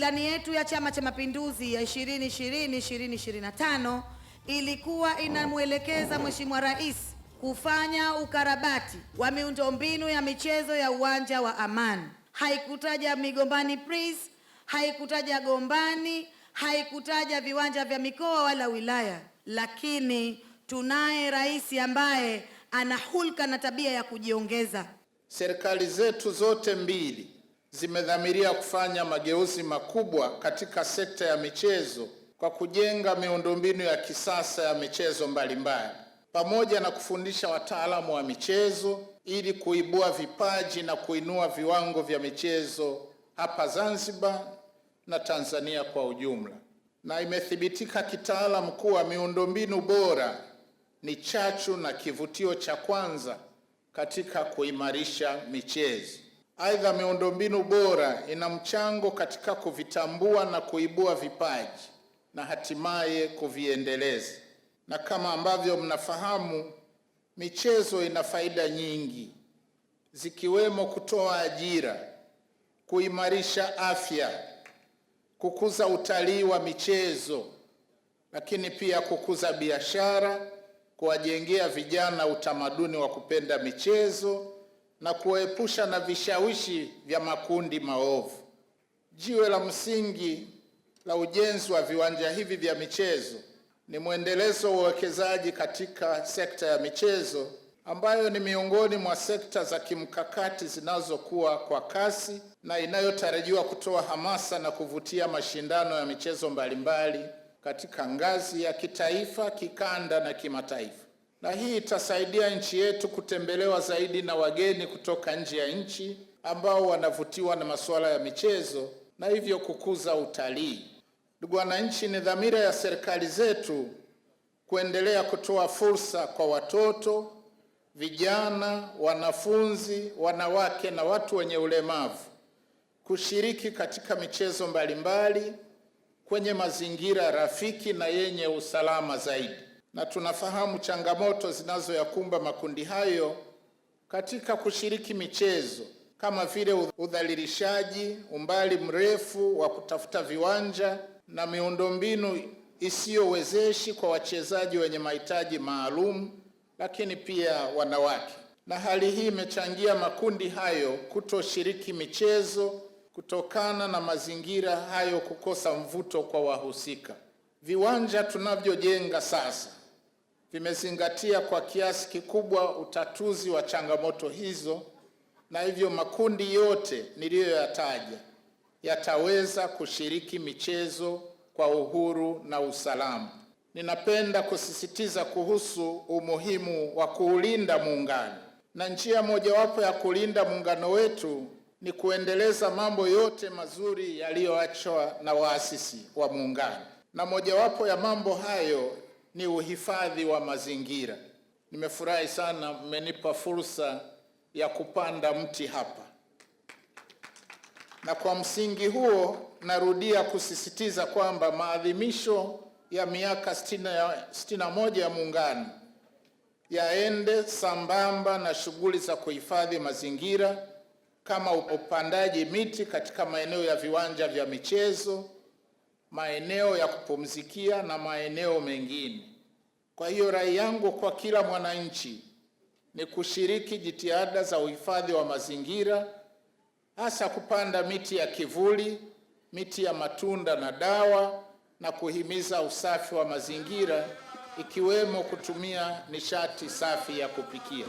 Ilani yetu ya Chama cha Mapinduzi ya 2020 2025 ilikuwa inamwelekeza Mheshimiwa Rais kufanya ukarabati wa miundombinu ya michezo ya uwanja wa Amani. Haikutaja Migombani Prize, haikutaja Gombani, haikutaja viwanja vya mikoa wala wilaya, lakini tunaye rais ambaye ana hulka na tabia ya kujiongeza. Serikali zetu zote mbili zimedhamiria kufanya mageuzi makubwa katika sekta ya michezo kwa kujenga miundombinu ya kisasa ya michezo mbalimbali pamoja na kufundisha wataalamu wa michezo ili kuibua vipaji na kuinua viwango vya michezo hapa Zanzibar na Tanzania kwa ujumla. Na imethibitika kitaalamu kuwa miundombinu bora ni chachu na kivutio cha kwanza katika kuimarisha michezo. Aidha, miundombinu bora ina mchango katika kuvitambua na kuibua vipaji na hatimaye kuviendeleza. Na kama ambavyo mnafahamu, michezo ina faida nyingi zikiwemo kutoa ajira, kuimarisha afya, kukuza utalii wa michezo, lakini pia kukuza biashara, kuwajengea vijana utamaduni wa kupenda michezo na kuwaepusha na vishawishi vya makundi maovu. Jiwe la msingi la ujenzi wa viwanja hivi vya michezo ni mwendelezo wa uwekezaji katika sekta ya michezo ambayo ni miongoni mwa sekta za kimkakati zinazokuwa kwa kasi na inayotarajiwa kutoa hamasa na kuvutia mashindano ya michezo mbalimbali katika ngazi ya kitaifa, kikanda na kimataifa na hii itasaidia nchi yetu kutembelewa zaidi na wageni kutoka nje ya nchi ambao wanavutiwa na masuala ya michezo na hivyo kukuza utalii. Ndugu wananchi, ni dhamira ya serikali zetu kuendelea kutoa fursa kwa watoto, vijana, wanafunzi, wanawake na watu wenye ulemavu kushiriki katika michezo mbalimbali kwenye mazingira rafiki na yenye usalama zaidi na tunafahamu changamoto zinazoyakumba makundi hayo katika kushiriki michezo kama vile udhalilishaji, umbali mrefu wa kutafuta viwanja na miundombinu isiyowezeshi kwa wachezaji wenye mahitaji maalum, lakini pia wanawake. Na hali hii imechangia makundi hayo kutoshiriki michezo kutokana na mazingira hayo kukosa mvuto kwa wahusika. Viwanja tunavyojenga sasa vimezingatia kwa kiasi kikubwa utatuzi wa changamoto hizo, na hivyo makundi yote niliyoyataja yataweza kushiriki michezo kwa uhuru na usalama. Ninapenda kusisitiza kuhusu umuhimu wa kuulinda muungano, na njia mojawapo ya kulinda muungano wetu ni kuendeleza mambo yote mazuri yaliyoachwa na waasisi wa muungano, na mojawapo ya mambo hayo ni uhifadhi wa mazingira. Nimefurahi sana mmenipa fursa ya kupanda mti hapa, na kwa msingi huo narudia kusisitiza kwamba maadhimisho ya miaka sitini ya Muungano yaende sambamba na shughuli za kuhifadhi mazingira kama upandaji miti katika maeneo ya viwanja vya michezo maeneo ya kupumzikia na maeneo mengine. Kwa hiyo rai yangu kwa kila mwananchi ni kushiriki jitihada za uhifadhi wa mazingira, hasa kupanda miti ya kivuli, miti ya matunda na dawa, na kuhimiza usafi wa mazingira, ikiwemo kutumia nishati safi ya kupikia.